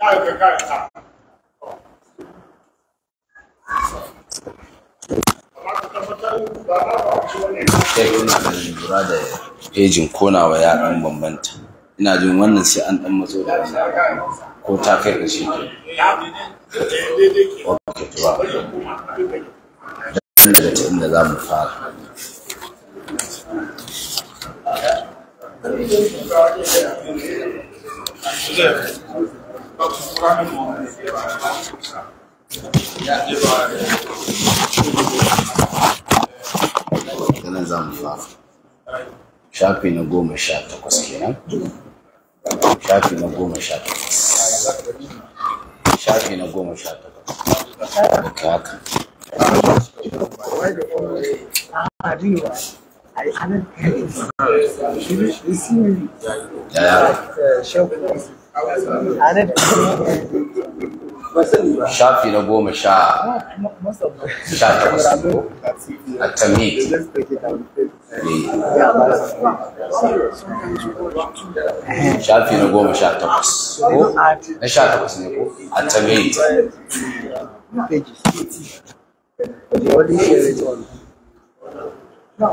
za ka lura da ejin konawa ya dan bambanta ina jin wannan sai an dan matso da wannan ko ta kai da shi ok daga ta inda za mu fara Thank Ganin za mu Shafi na goma sha takwas kenan. Shafi na goma sha takwas. Shafi na goma sha takwas. ka haka. shafi na goma sha sha takwas a tamid eh. shafi na goma sha takwas na sha takwas ne ko a tamid No.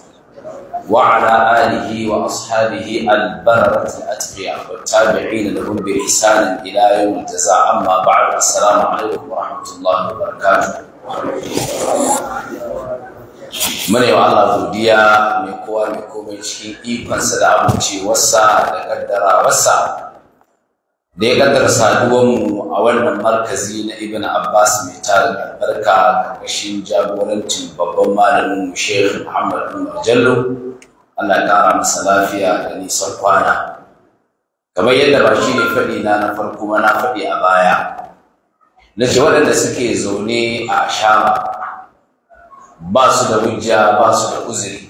وعلى آله وأصحابه البررة الأتقياء والتابعين لهم بإحسان إلى يوم الجزاء أما بعد السلام عليكم ورحمة الله وبركاته من يوى الله ذوديا ميكوى ميكوى ميشكي إيقان سلام وشي وسا لقدر وسا da ya kaddar saduwanmu a wannan markazi na ibn abbas mai tarin albarka ƙarƙashin jagorancin babban malamin mu sheikh muhammad umar jallo allah ƙara masa lafiya da nisan kwana kamar yadda ba shi ne faɗi na na farko ma na faɗi a baya na ce waɗanda suke zaune a shama ba su da hujja ba su da uzuri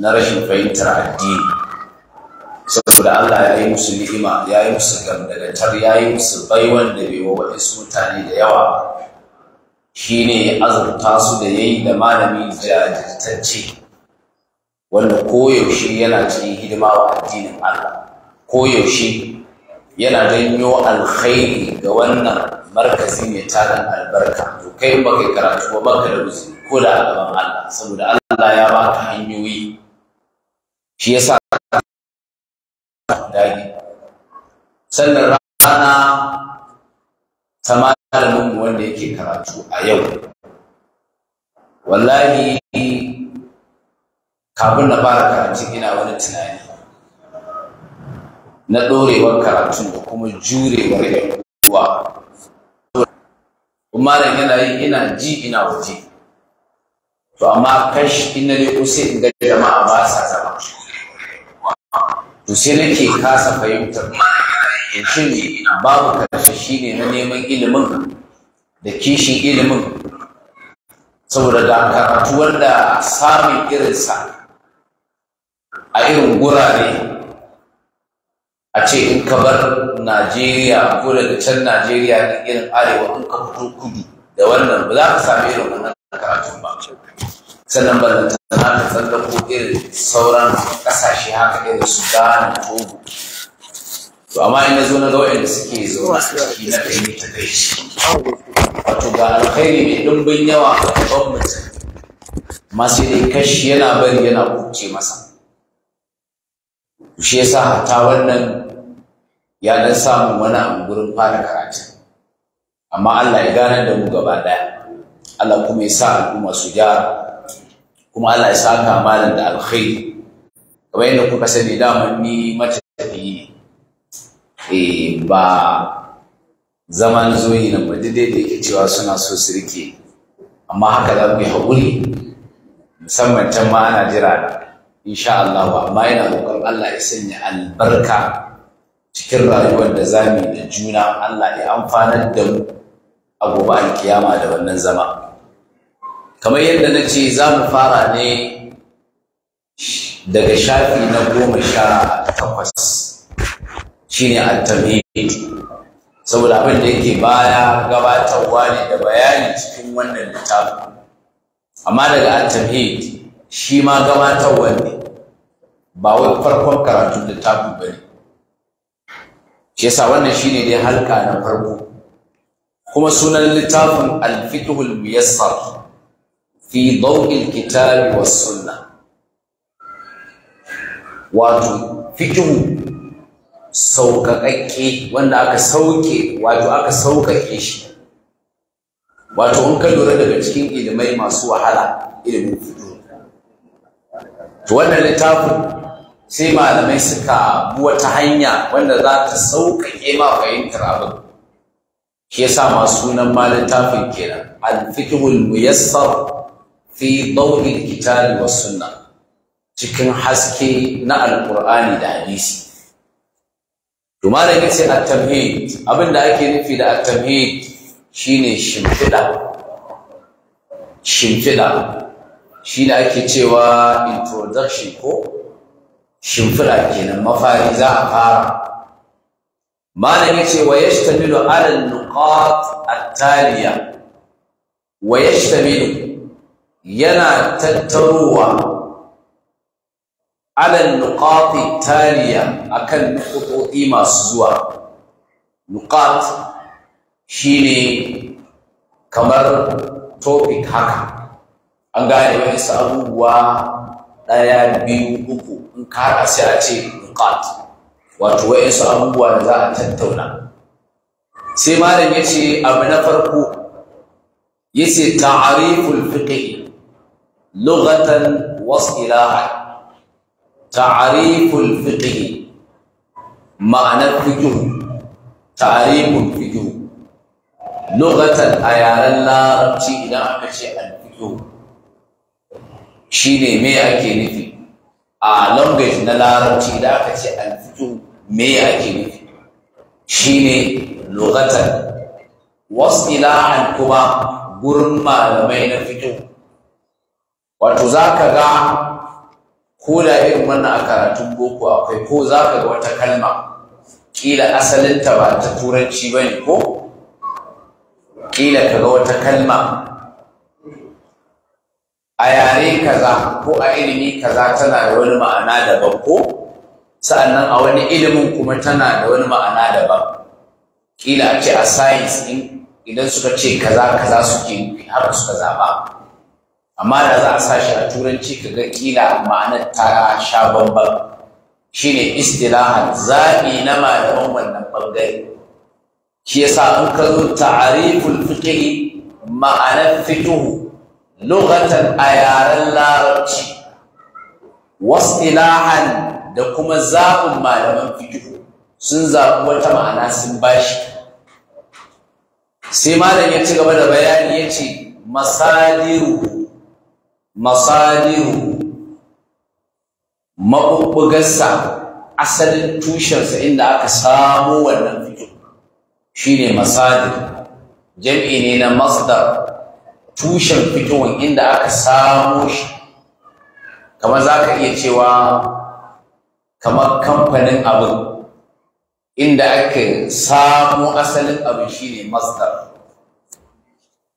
na rashin fahimtar addini saboda Allah ya yi musu ni'ima ya yi musu gandagatar ya yi musu baiwan da bai wa waɗansu mutane da yawa shi ne azurta su da ya yi da malami jajirtacce wanda koyaushe yana cikin hidima wa addinin Allah koyaushe yana janyo alkhairi ga wannan markazi mai tarin albarka to kai ba kai karatu ba baka da ruzi ko da gaban Allah saboda Allah ya ba ka hanyoyi shi yasa dage sannan rana ta malamin mu wanda yake karatu a yau wallahi kafin na fara karatu ina wani tunani na ɗorewar karatun da kuma jurewar yan kuma da yana yi ina ji ina waje to amma kashi ina ne kusa in ga jama'a ba sa zama to sai nake kasa fahimtar shin babu karshe ne na neman ilimin da kishin ilimin saboda da karatu wanda samun irinsa a irin gurare a ce in ka bar najeriya ko daga can najeriya da irin arewa in ka fito kudu da wannan ba za ka sami irin wannan karatun ba sannan ba ta da tsallako irin sauran kasashe haka irin su gane togo to amma in na zo na ga waɗanda suke zo a ciki na kai ta kai shi wato ga alkhairi mai ɗumbin yawa a gaban mutum amma sai dai kashi yana bari yana kuce masa shi yasa hatta wannan ya dan samu wani abu gurin fara karatu, amma Allah ya gane da mu gaba daya Allah kuma ya sa al'umma su gyara kuma Allah ya saka malam da alkhairi kamar yadda kuka sani daman ni matafiyi ne eh, ba zaman zoyi na ba daidai da yake cewa suna so su rike amma haka za mu yi haƙuri musamman can ma ana jira insha Allah amma yana roƙon Allah ya sanya albarka cikin rayuwar da zamu da juna Allah ya amfanar da mu a gobe alkiyama da wannan zama kamar yadda na ce za mu fara ne daga shafi na goma sha takwas shi at-tamhid saboda abin da yake baya gabatarwa ne da bayani cikin wannan littafin amma daga at shi ma gabatarwa ne ba wai farkon karatu littafin ba ne shi yasa wannan shi ne dai halka na farko kuma sunan littafin al muyassar fi dau'il kitabi was sunna wato sauƙaƙaƙe wanda aka sauke wato aka sauƙaƙe shi wato in ka lura daga cikin ilimai masu wahala ilimin fito to wannan littafin sai malamai suka buwa ta hanya wanda za ta sauƙaƙe ma fahimtar abin shi yasa masu sunan ma littafin kenan al-fiqhul muyassar fi dauni kitabi wasu sunna cikin haske na alqur'ani da hadisi to malam yace at-tamhid abin da ake nufi da at-tamhid shine shimfida shimfida shine ake cewa introduction ko shimfida kenan mafari za a fara malam ce wa yashtamilu ala an-nuqat at-taliya wa ya shi yashtamilu yana tattarowa alal nukati taliya akan nuqutoti masu zuwa shi ne kamar topic haka an gane wani abubuwa ɗaya biyu uku in ka sai a ce nukat wato wani abubuwa da za a tattauna sai malam ya ce abu na farko ya ce ta'ariful fiqh lughatan wasilahan ta'riful fiqh ma'anar fiqh ta'riful fiqh lughatan a yaren larabci idan aka ce al-fiqh shine me ake nufi a language na larabci da aka ce al-fiqh me ake nufi shine lughatan kuma gurin malamai na fiqh wato za ka ga ko da irin wannan a karatun boko akwai ko za ka ga wata kalma ƙila asalinta ba ta turanci ba ne ko ƙila ka ga wata kalma a yare kaza ko a ilimi kaza tana da wani ma'ana daban ko sa'annan a wani ilimin kuma tana da wani ma'ana daban kila a ce a science din idan suka ce kaza kaza suke haka suka zaba amma da za a sa shi a turanci ka ga kila ma'anar ta sha bambam shine istilahan zaɓi na malaman wannan ɓangare shi yasa in ka zo ta'ariful fiqhi ma'anar fituhu lughatan a yaren larabci wasilahan da kuma zaɓin malaman fiqhu sun zaɓi wata ma'ana sun bashi sai malam ya ci gaba da bayani ya ce masadiru masadiru maɓuɓɓugarsa asalin tushensa inda aka samo wannan fito shine masadir jam'i ne na masdar tushen fitowar inda aka samo shi kamar za ka iya cewa kamar kamfanin abin inda aka samo asalin abin shine masdar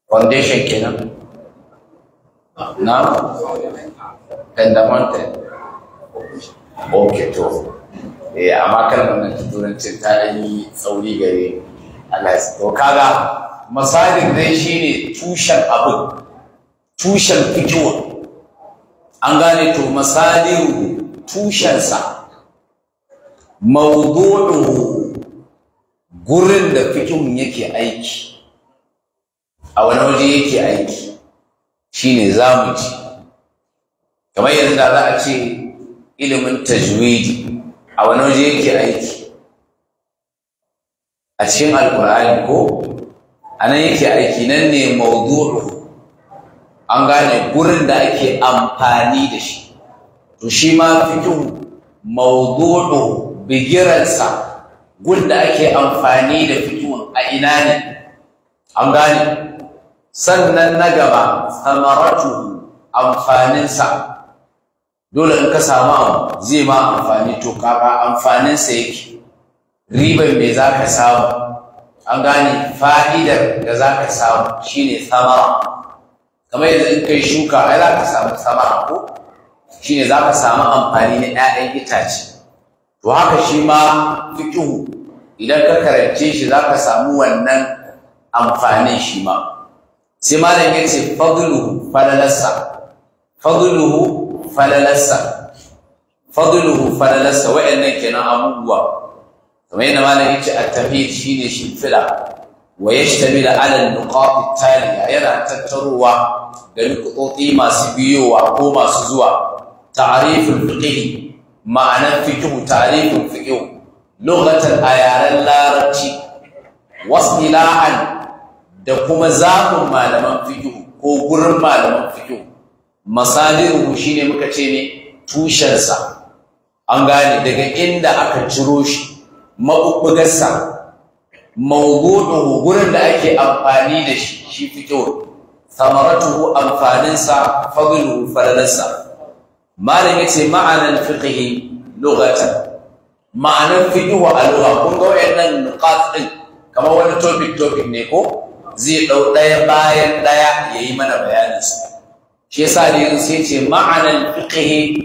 foundation kenan Now, and the mountain. Okay, to. Eh, amma kalmar nan ta turanci ta yi tsauri gare Allah to kaga masalin dai shine tushen abin tushen fitowa an gane to masalin sa mawdu'uhu gurin da fikihun yake aiki a wani waje yake aiki Shi ne za mu ci kamar yanzu da za a ce ilimin tajwidi a wani waje yake aiki a cikin alkur'ani ko a nan yake aiki nan ne maudu'u an gane gurin da ake amfani da shi to shi ma fikin maudu'u bigiransa gun da ake amfani da fikin a ina ne an gane sannan na gaba samaratu amfaninsa dole in ka samu zai ma amfani to kaka amfaninsa yake Riban me za ka samu an gane fa'idar da za ka samu shine samara kamar yanzu in kai shuka ai za ka samu samara ko shine za ka samu amfani na 'ya'yan itace to haka shi ma fiƙihu idan ka karance shi za ka samu wannan amfanin shi ma sai malam ya ce fadluhu falalarsa fadluhu falalarsa fadluhu falalarsa wa'annan kenan abubuwa kamar yadda malam ya ce at-tafhid shine shimfila wa yashtamil ala an-nuqat at-taliya yana tattaruwa da nukutoci masu biyowa ko masu zuwa ta'riful fiqh ma'anar fiqh ta'riful fiqh lughatan ayaran larabci wasdilahan da kuma zaɓin malaman fiƙo ko gurin malaman mu shi ne muka ce ne tushensa an gane daga inda aka ciro shi maɓuɓɓugarsa mawugudu gurin da ake amfani da shi shi fikihu samaratuhu amfaninsa fadluhu falalarsa malam ce ma'anan fiƙihi lokacin. Ma'anar fiqhu a lura kun ga wayannan kamar wani topic topic ne ko zai ɗau ɗaya bayan ɗaya ya yi mana bayanin su shi yasa da yanzu sai ce ma'anar fiqhi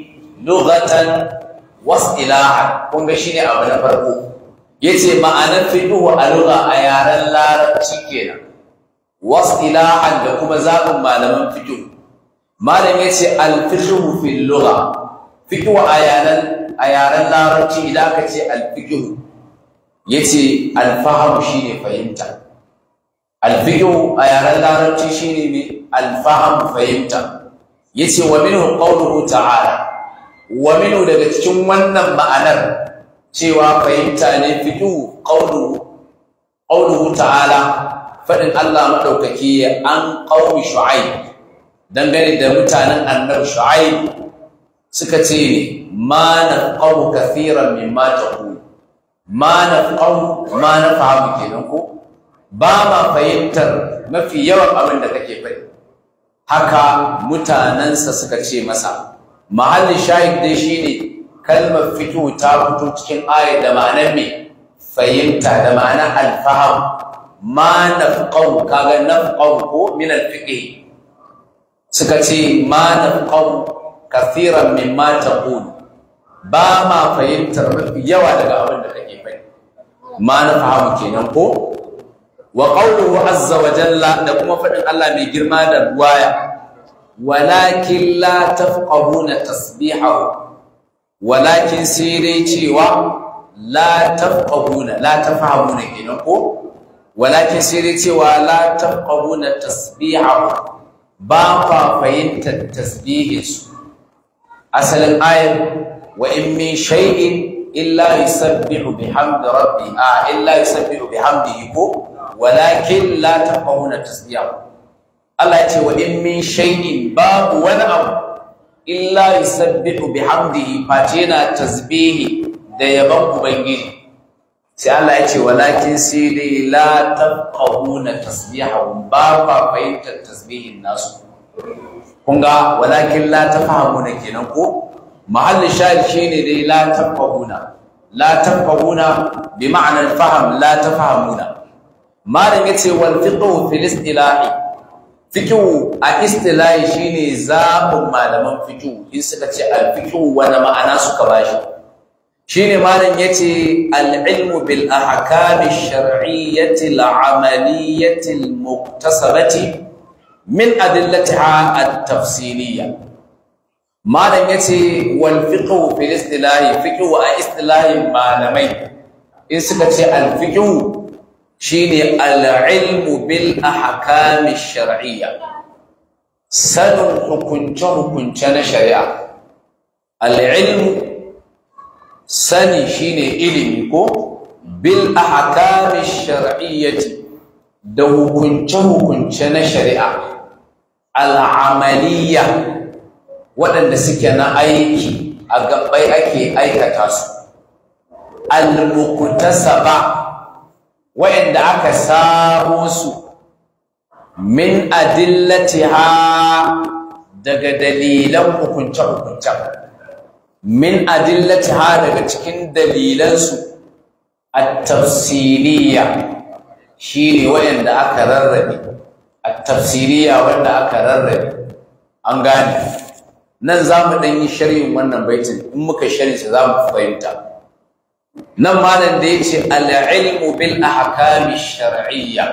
lughatan wasilahan kun ga shine abu na farko yace ma'anar fiqhu a lugha a yaren larabci kenan wasilahan da kuma zaɓin malaman fiqhu malam yace al fiqhu fil lugha fiqhu a yaren a yaren larabci idan ka ce al Ya yace al fahm shine fahimta alfiqhu a yaren larabci shine ne alfaham fahimta yace wa minhu qawluhu ta'ala wa daga cikin wannan ma'anar cewa fahimta ne fiqhu qawluhu ta'ala faɗin Allah maɗaukaki an ƙaumi shu'aib dangane da mutanen annar shu'aib suka ce ne ma na ƙaunu kafiran min ma ta ku ma na ƙaunu ma na fahimta kenan ko ba ma fahimtar mafi yawan abin da kake faɗi haka mutanensa suka ce masa mahallin shahid dai shine kalmar fito ta fito cikin ayar da ma'anar me fahimta da ma'anar alfaham ma nafqahu kaga nafqahu ko min fiƙe. suka ce ma nafqahu kathiran mimma taqul ba ma fahimtar yawa daga abin da kake faɗi ma nafqahu kenan ko wa qawluhu azza wa jalla da kuma faɗin Allah mai girma da ruwaya walakin la tafqahuna tasbihahu walakin sai dai cewa la tafqahuna la tafhamuna kenan ko walakin sai dai cewa la tafqahuna tasbihahu ba fa fahimtar tasbihinsu asalin ayar wa in min shay'in illa yusabbihu bihamdi rabbi a illa yusabbihu bihamdihi ko walakin la taqawna tasbiyahu Allah ya ce wa in babu wani abu illa yusabbihu bihamdihi face yana tasbihi da yaban ubangiji sai Allah ya walakin sai dai ba fahimtar tasbihin nasu Kunga walakin la tafahuna kenan ko mahallin shahid shine dai la tafahuna la tafahuna bi ma'anar faham la tafahuna malam yace wal fiqhu fil istilahi a istilahi shine zabun malaman fiqhu in suka ce al wani ma'ana suka bashi shine malam yace ce Al'ilmu bil a ash-shar'iyyati al muktasabati min adillatiha a tafsiliyya malam ya ce walfiƙo filistilahi fiƙo a istilahin malamai in suka ce alfiƙo shine al-ilmu bil ahkami shar'iyya sanin hukunce hukunce na shari'a al sani shine ilimi ko bil ahkami shar'iyyati da hukunce hukunce na shari'a Al'amaliya. waɗanda suke na aiki a gabai ake aikata su al-muktasaba Wa'inda aka sao su min adillatiha daga dalilan hukunce hukunce min adillatiha daga cikin dalilansu at-tafsiliya ne wa'inda aka rarrabe a tafsiliya wanda aka rarrabe an gane nan za mu ɗan yi wannan baitin in muka shari'in za mu fahimta nan malam da ya ce al'ilmu bil ahkami shar'iyya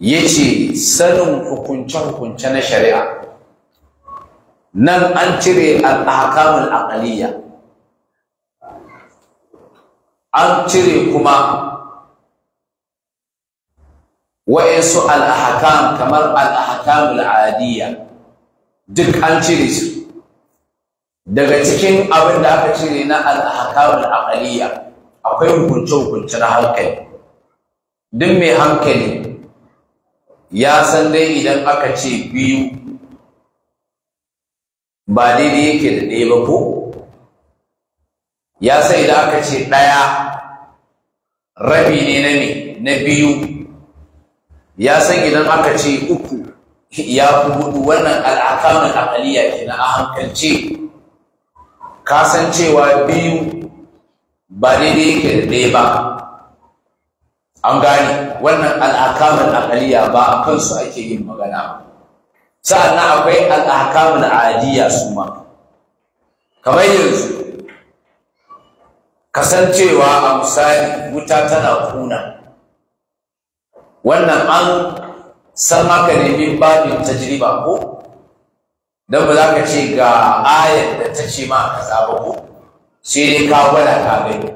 ya ce sanin hukunce-hukunce na shari'a nan an cire al'ahkamul aqaliyya an cire kuma wa'insu al'ahkam kamar al'ahkamul adiyya duk an cire su daga cikin abin da aka cire na al'akamul aqaliya akwai hukunce-hukunce na hankali duk mai hankali ya san dai idan aka ce biyu ba daidai yake da ɗaya ba ko ya san idan aka ce ɗaya rabi ne na me na biyu ya san idan aka ce uku ya fi hudu wannan al'akamul aqaliya na a hankalce ka san cewa biyu ba daidai yake da ɗaya ba an gane wannan al'akamun akaliya ba a kansu ake yin magana sa'annan akwai al'akamun adiya su ma kamar yanzu cewa a misali wuta tana kuna wannan an san haka ne min babin tajriba ko don ba za ka ce ga ayar da ta ce ma ka saba ko sai dai ka gwada ka gani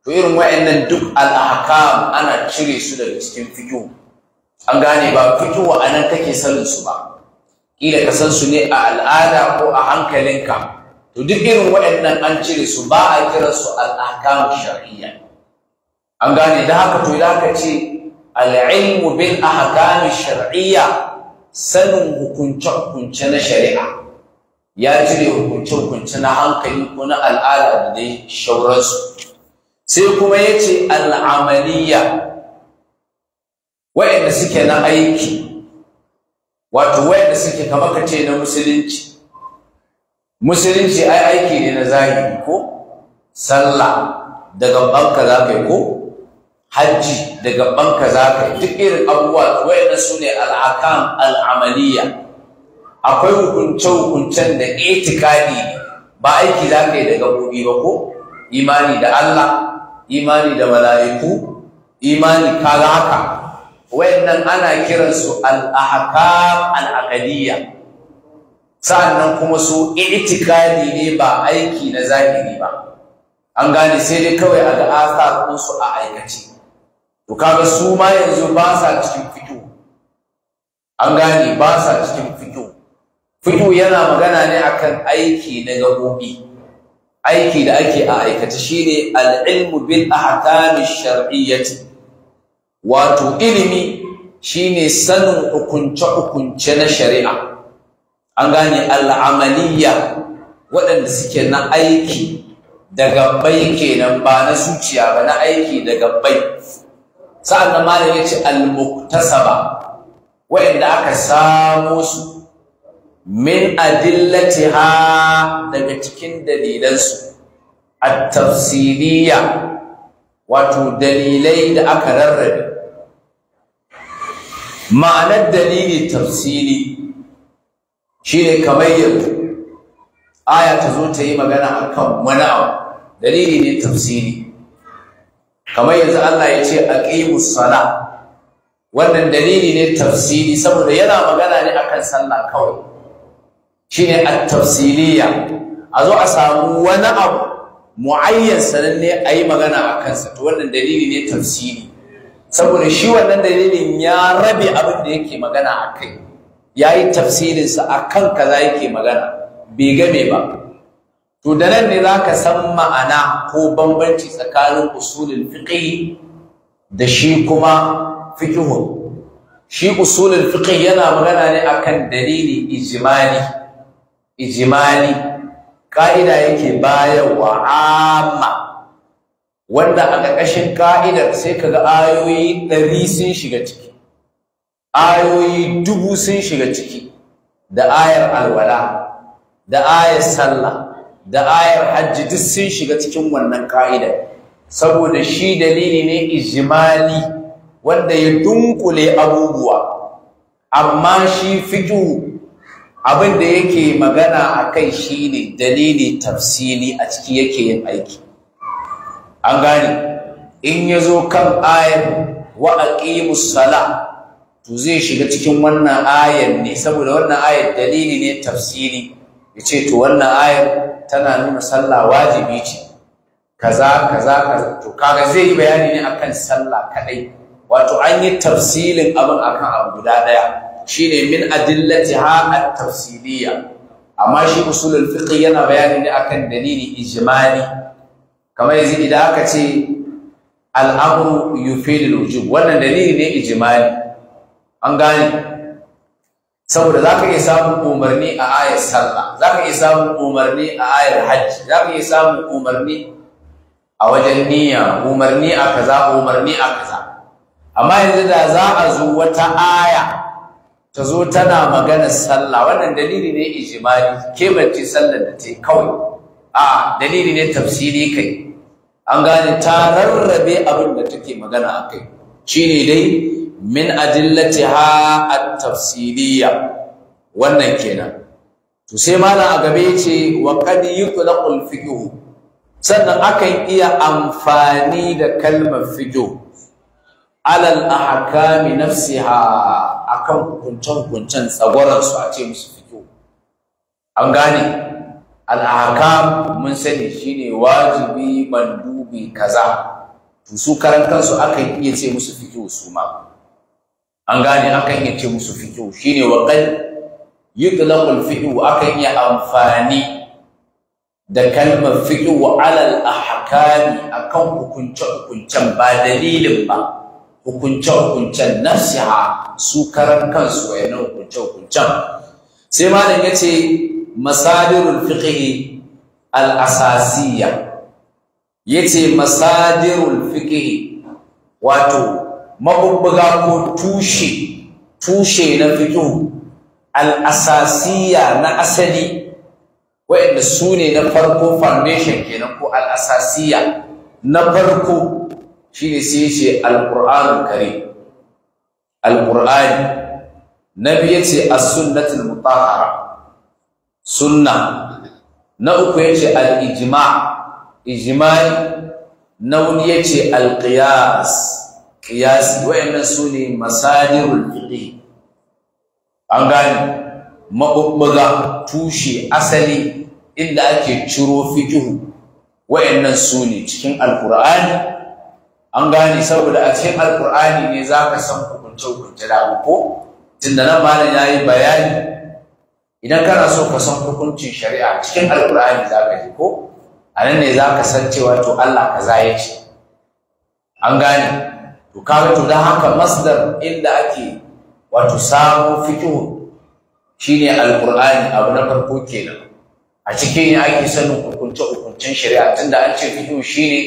to irin wa'annan duk al'ahkam ana cire su daga cikin fito an gane ba fito wa anan kake sanin su ba kila ka san su ne a al'ada ko a hankalinka to duk irin wa'annan an cire su ba a kira su al'ahkam shar'iyya an gane da haka to idan ka ce al'ilmu bil ahkam shar'iyya sanin hukunce-hukunce na shari'a ya cire hukunce-hukunce na hankali ko na al'ada da dai shauransu sai kuma ya ce al'amaliya wa'inda suke na aiki wato wa'yanda suke kama ka ce na musulunci musulunci ai aiki ne na zahiri ko sallah daga banka za ka yi ko hajji da gaban ka za ka yi duk irin abubuwa wayannan su ne al'akam al'amaliya akwai hukunce-hukuncen da ne. ba aiki za ka yi da gabobi ba ko imani da Allah imani da mala'iku imani kaga haka wayannan ana kiransu al'akam al'akadiyya sa'annan kuma su itikadi ne ba aiki na zahiri ba an gane sai dai kawai a ga asar su a aikace to kaga su ma yanzu ba sa cikin fito an gane ba sa cikin fito fito yana magana ne akan aiki na gabobi aiki da ake a aikata shine al-ilmu bil ahkam shar'iyyati wato ilimi shine sanin hukunce hukunce na shari'a an gane al'amaliya waɗanda suke na aiki da gabbai kenan ba na zuciya ba na aiki da gabbai sa'an da malam ya ce al-muktasaba wa'inda aka samo su min ha daga cikin dalilansu a tafsiliya wato dalilai da aka rarrabe ma'anar dalili tafsili shine kamar yanzu aya ta zo ta yi magana kan wani abu dalili ne tafsiri kamar yanzu Allah ya ce aqimus sala wannan dalili ne tafsiri saboda yana magana ne akan sallah kawai ne a tafsiliya a zo a samu wani abu muayyan ne a yi magana a kansa to wannan dalili ne tafsiri saboda shi wannan dalilin ya rabe abin da yake magana a kai ya yi tafsirinsa a kan za yake magana bai game ba to da nan ne za ka san ma'ana ko bambanci tsakanin usulin fiƙi da shi kuma fiqhun shi usulin fiƙi yana magana ne akan dalili ijimali ijimali ka'ida yake bayarwa amma wanda a ƙarƙashin ka'idar sai kaga ayoyi ɗari sun shiga ciki ayoyi dubu sun shiga ciki da ayar alwala da ayar sallah da ayar hajji duk sun shiga cikin wannan ka'ida saboda shi dalili ne ijimali wanda ya dunkule abubuwa amma shi fiƙu abinda yake magana a kai shi ne dalili tafsili a ciki yake yin aiki an gane in ya zo kan ayar wa musala sala to zai shiga cikin wannan ayar ne saboda wannan ayar dalili ne tafsili ya ce to wannan ayar tana nuna sallah wajibi ce kaza kaza to kaga zai yi bayani ne akan sallah kadai wato an yi tafsilin abin akan abu guda daya shine min adillatiha at tafsiriyya. amma shi usulul fiqh yana bayani ne akan dalili ijmali kamar yanzu idan aka ce al-amru yufidu wujub wannan dalili ne ijmali an gane saboda za ka iya samun umarni a ayar sallah za ka iya samun umarni a ayar hajji za ka iya samun umarni a wajen niyya umarni a kaza umarni a kaza amma yanzu da za a zo wata aya ta zo tana magana sallah wannan dalili ne ijimali kebanci sallar da ta kawai a dalili ne tafsiri kai an gane ta rarrabe abin da take magana a kai shi ne dai min ha at-tafsiliyya wannan kenan to sai malam a gabe ce wa qad al fiqh sannan akan iya amfani da kalmar fiqh alal ahkami nafsiha akan hukuncen hukuncen tsagwaran su a ce musu fiqh an gane al-ahkam mun sani shine wajibi mandubi kaza to su karan kansu akan iya ce musu fiqh su ma an gane akan iya ce musu fiqhu shine wa qad yutlaqul fiqhu akan iya amfani da kalmar fiƙu alal a ahkami akan hukunce hukuncen ba dalilin ba hukunce-hukuncen nafsiha su karan kansu wa yana hukunce-hukuncen sai malam ya ce masadirul fiqhi al ya ce masadirul fiqhi wato mabubbuga ko tushe tushe na fito al'asasiya na asali waɗanda su ne na farko foundation kenan ko al'asasiya na farko shi ne sai ce al kare. al'ur'ani na biya ce a sunnatin sunnatul sunna na uku ya ce ijma ijima'i na wuni ya al-qiyas Kiyasi wayannan su ne masadirul fiqi an gane mabubbuga tushe asali inda ake ciro fikihu wayannan su ne cikin alqur'ani an gane saboda a cikin alqur'ani ne zaka san hukunce-hukunce da ko tunda nan malam yayi bayani idan kana so ka san hukuncin shari'a cikin alkur'ani za ka ji ko a ne za ka san cewa to allah kaza ya ce an gane to kaga to haka masdar inda ake wato samu fiqh shine alqur'ani abu na farko kenan a cikin ne ake sanin hukunce hukuncen shari'a tunda an ce fiqh shine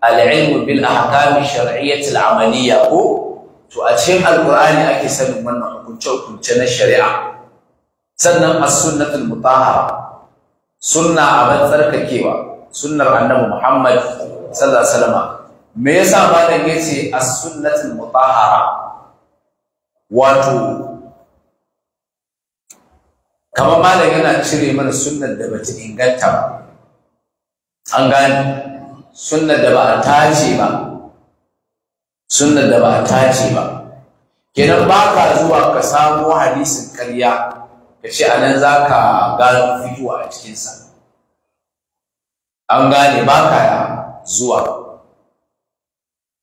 al-ilmu bil ahkam shar'iyyah amaliyya ko to a cikin alkur'ani ake sanin wannan hukunce-hukunce na shari'a sannan as-sunnatul mutahhara sunna abin tsarkakewa sunnar annabi Muhammad sallallahu alaihi wasallam me yasa malam yace as-sunnatul mutahhara wato kamar malam yana cire mana sunnar da bata inganta ba an gane sunnar da ba a tace ba sunnar da ba a tace ba kenan ba ka zuwa ka samo hadisin karya ka ce a nan za ka gano fitowa a cikinsa an gane ba ka zuwa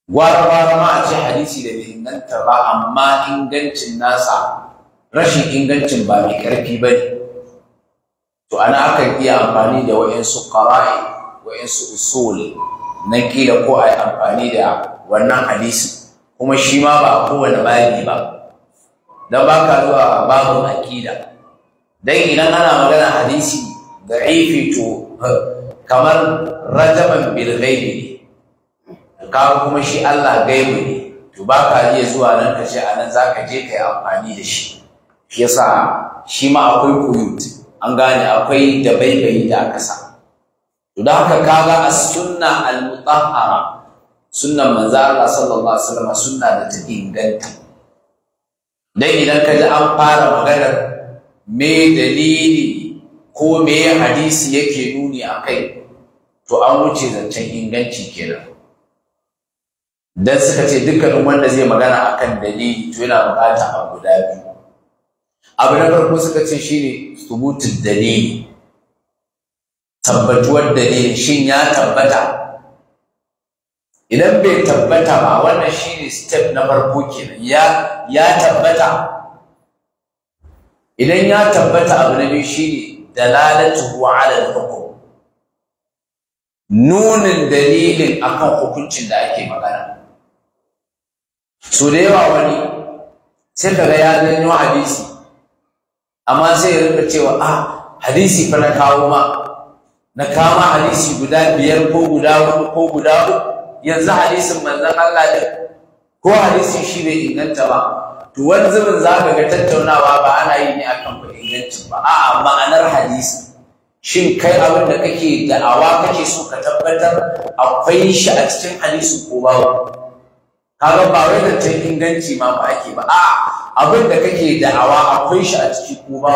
gwara ma a ce hadisi da bai inganta ba amma ingancin nasa rashin ingancin ba mai ƙarfi ba ne to ana aka iya amfani da wa'insu ƙara'i wa'insu usuli na kila ko a yi amfani da wannan hadisi kuma shi ma ba kowane babi ba don ba ka zuwa babu akida don idan ana magana hadisi da to kamar rajaban bilgaibi ne ka kuma shi Allah gaibu ne to ba ka iya zuwa nan ka ce a nan za ka je ka yi amfani da shi shi yasa shi ma akwai kuyut an gane akwai da baibayi da aka sa to da haka ka ga a sunna al-mutahhara sunnan manzo Allah sallallahu alaihi wasallam sunna da ta inganta dan idan ka ji an fara maganar me dalili ko me hadisi yake nuni akai to an wuce zancen inganci kenan dan suka ce dukkanin wanda zai magana akan dalili to yana bukata a guda biyu abu na farko suka ce shine subutul dalili tabbatuwar dalilin shin ya tabbata idan bai tabbata ba wannan shine step na farko kenan ya ya tabbata idan ya tabbata abu na biyu shine dalalatuhu ala al-hukm nunin dalilin akan hukuncin da ake magana Su da yawa wani sai daga ya zanyo hadisi amma sai ya rinka cewa a ah, hadisi fa na kawo ma na kama hadisi guda biyar ko guda hudu ko guda uku yanzu hadisin manzan Allah din ko hadisin shi bai inganta ba to wani zubin za ka ga tattaunawa ba ana yi ne akan kuɗin ingancin ba a'a ma'anar hadisi shin kai abin da kake da'awa kake so ka tabbatar akwai shi a cikin hadisi ko babu kaga ba wai zancen inganci ma ba ake ba a abin da kake da'awa akwai shi a ciki ko ba?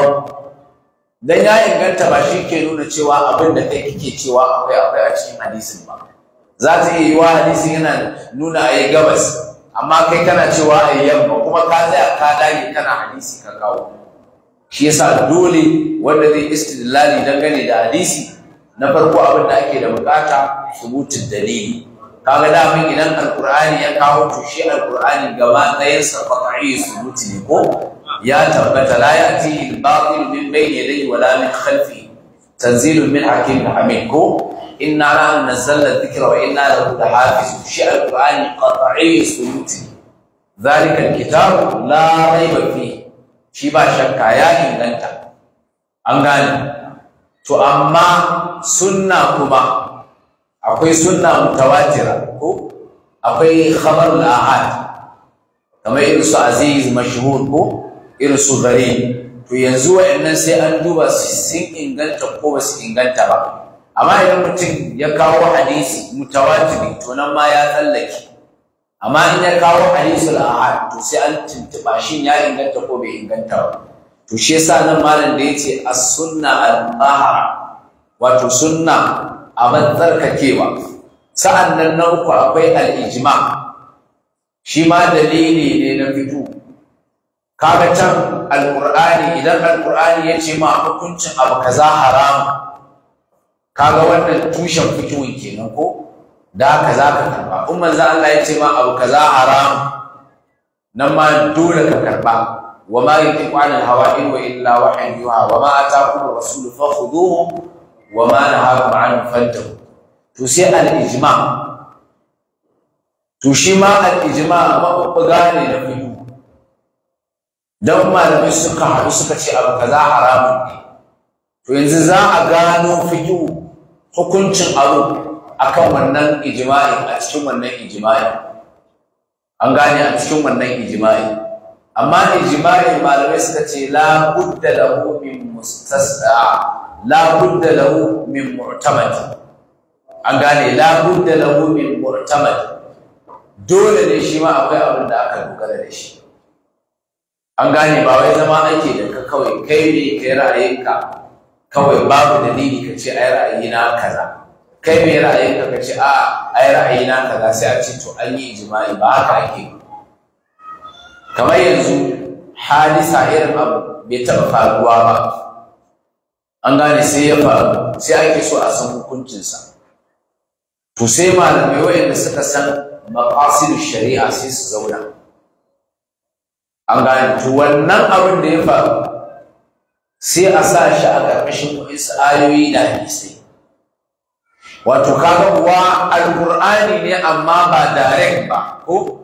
dan ya inganta ba shi ke nuna cewa abin da kai kike cewa akwai akwai a cikin hadisin ba za ta iya wa hadisin yana nuna a yi gabas amma kai kana cewa a yamma kuma ka tsaya ka dage kana hadisi ka kawo shi yasa dole wanda zai istidlali dangane da hadisi na farko abin da ake da bukata subutul dalili kaga damin idan alkur'ani ya kawo tushe alkur'ani gaba ɗayansa faƙa'i su mutu ne ko ya tabbata la ya ti batil min bayni yadayhi wala min khalfi tanzilun min hakim hamid ko inna nahnu nazzalna dhikra wa inna lahu lahafiz shi alkur'ani qat'i sunuti zalika alkitab la rayba fi shi ba shakka ya inganta an gane to amma sunna kuma akwai sunna mutawatira ko akwai khabar ahad kamar irin su aziz mashhur ko irin su gari to yanzu wa'annan sai an duba sun inganta ko ba su inganta ba amma idan mutum ya kawo hadisi mutawatiri to nan ma ya tsallake amma in ya kawo hadisul ahad to sai an tuntuba shin ya inganta ko bai inganta ba to shi yasa nan malam da ya ce a sunna al-tahara wato sunna A tsarkakewa sa'an nan na uku akwai al'ijima shi ma dalili ne na fito kaga can alƙur'ani idan alƙur'ani ya ce ma hukuncin abu ka kaza haramu kaga wannan tushen fitowin kenan ko da haka za ka karba. in manzo Allah ya ce ma abu ka za haramu nan ma dole ka karɓa wa ma yutiqu anil hawa in wa illa wahyu yuha wa ma ataakum rasulu fakhuduhu wa ma nahakum an fantahu to sai al'ijima. to shi ma al'ijima ijma mabubbuga ne da fiqh dan malamai suka haɗu suka ce abu kaza haramun ne to yanzu za a gano fito hukuncin abu akan wannan ijima'i a cikin wannan ijima'i an gane a cikin wannan ijima'i amma ijima'i malamai suka ce la budda lahu min mustasda labudda lahu min mu'tamad an gane labudda lahu min mu'tamad dole ne shi ma akwai abin da aka dogara da shi an gane ba wai zama ake da ka kawai kai ne kai ra'ayinka kawai babu dalili ka ce ai ra'ayina kaza kai mai ra'ayinka ka ce a ai ra'ayina kaza sai a ce to an yi jima'i ba haka ake kamar yanzu hadisa irin abu bai taɓa faruwa ba an gane sai ya faru sai ake so a san hukuncinsa to sai malamai wayanda suka san maqasidu shari'a sai su zauna an gane to wannan abin da ya faru sai a sa shi a ƙarƙashin wasu ayoyi da hadisai wato kaga kuwa alƙur'ani ne amma ba direct ba ko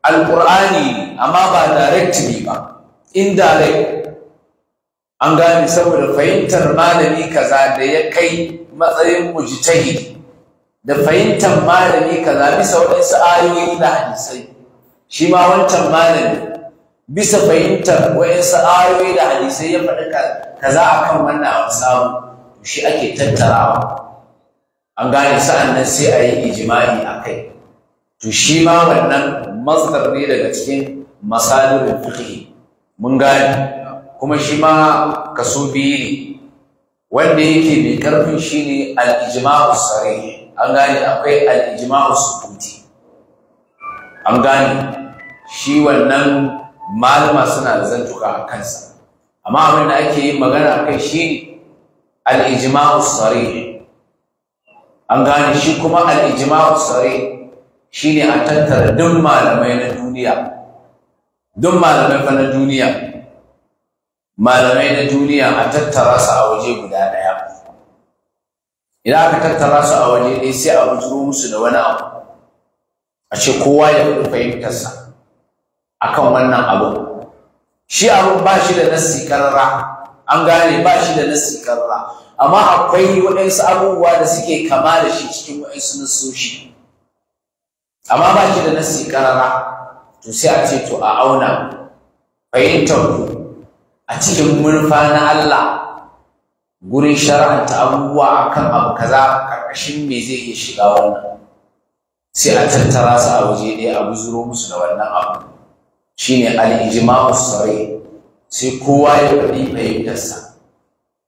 alƙur'ani amma ba direct ne ba indirect an gane saboda fahimtar malami kaza da ya kai matsayin mujtahid da fahimtar malami kaza bisa waɗansu ayoyi da hadisai shi ma wancan malami bisa fahimtar waɗansu ayoyi da hadisai ya faɗi kaza a kan wannan abu samu shi ake tattarawa an gane sa'annan sai a yi ijimai a kai to shi ma wannan masdar ne daga cikin masalin fiqh mun gane kuma shi ma kaso biyu ne wanda yake mai karfin shi ne al'ijima'u sare an gane akwai al'ijima'u sukuti an gane shi wannan malama suna da zantuka a kansa amma abin da ake yin magana kai shi ne al'ijima'u sare an gane shi kuma al'ijima'u sare shi ne a tattara duk malamai na duniya duk malamai fa na duniya malamai na duniya a tattara su a waje guda ɗaya idan aka tattara su a waje ɗaya sai a bujuro musu da wani abu a ce kowa ya faɗi fahimtarsa akan wannan abu shi abu ba shi da nassi karra an gane ba shi da nassi karra amma akwai waɗansu abubuwa da suke kama da shi cikin waɗansu nasoshi amma ba shi da nassi karra to sai a ce to a auna fahimtar ku a cikin murfa na Allah gurin shar'anta abubuwa akan abu kaza ƙarƙashin me zai iya shiga wannan sai a tattara su a waje ɗaya a buzuro musu da wannan abu shine al su sare sai kowa ya faɗi fahimtarsa